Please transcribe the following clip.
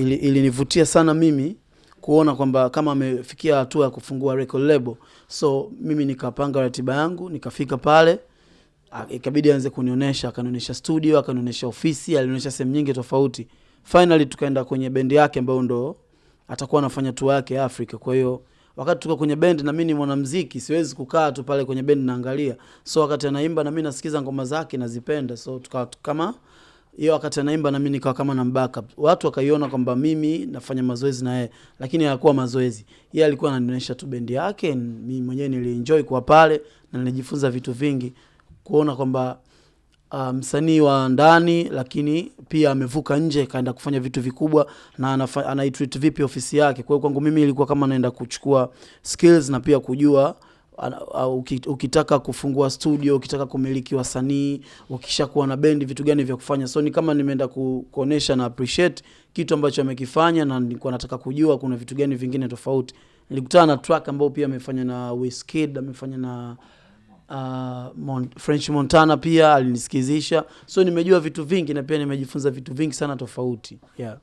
ilinivutia ili sana mimi kuona kwamba kama amefikia hatua ya kufungua record label, so mimi nikapanga ratiba yangu, nikafika pale, ikabidi aanze kunionyesha, akanionyesha studio, akanionyesha ofisi, alionyesha sehemu nyingi tofauti. Finally tukaenda kwenye bendi yake ambayo ndo atakuwa anafanya tour yake Afrika. Kwa hiyo wakati tuko kwenye bendi, na mimi ni mwanamuziki, siwezi kukaa tu pale kwenye bendi naangalia, so wakati anaimba na mimi nasikiza ngoma zake, nazipenda, so tukawa kama hiyo wakati anaimba na mimi nikawa kama na backup. Watu wakaiona kwamba mimi nafanya mazoezi na yeye, lakini hayakuwa mazoezi. Yeye alikuwa ananionyesha tu bendi yake, mimi mwenyewe nilienjoy kuwa pale na nilijifunza vitu vingi kuona kwamba uh, msanii wa ndani lakini pia amevuka nje kaenda kufanya vitu vikubwa na anaitreat vipi ofisi yake. Kwa hiyo kwangu mimi ilikuwa kama naenda kuchukua skills na pia kujua ukitaka kufungua studio, ukitaka kumiliki wasanii, ukishakuwa na bendi, vitu gani vya kufanya. So ni kama nimeenda kuonesha na appreciate kitu ambacho amekifanya, na nilikuwa nataka kujua kuna vitu gani vingine tofauti. Nilikutana na track ambao pia amefanya na Wizkid, amefanya na Uh, Mon French Montana pia alinisikizisha, so nimejua vitu vingi na pia nimejifunza vitu vingi sana tofauti, yeah.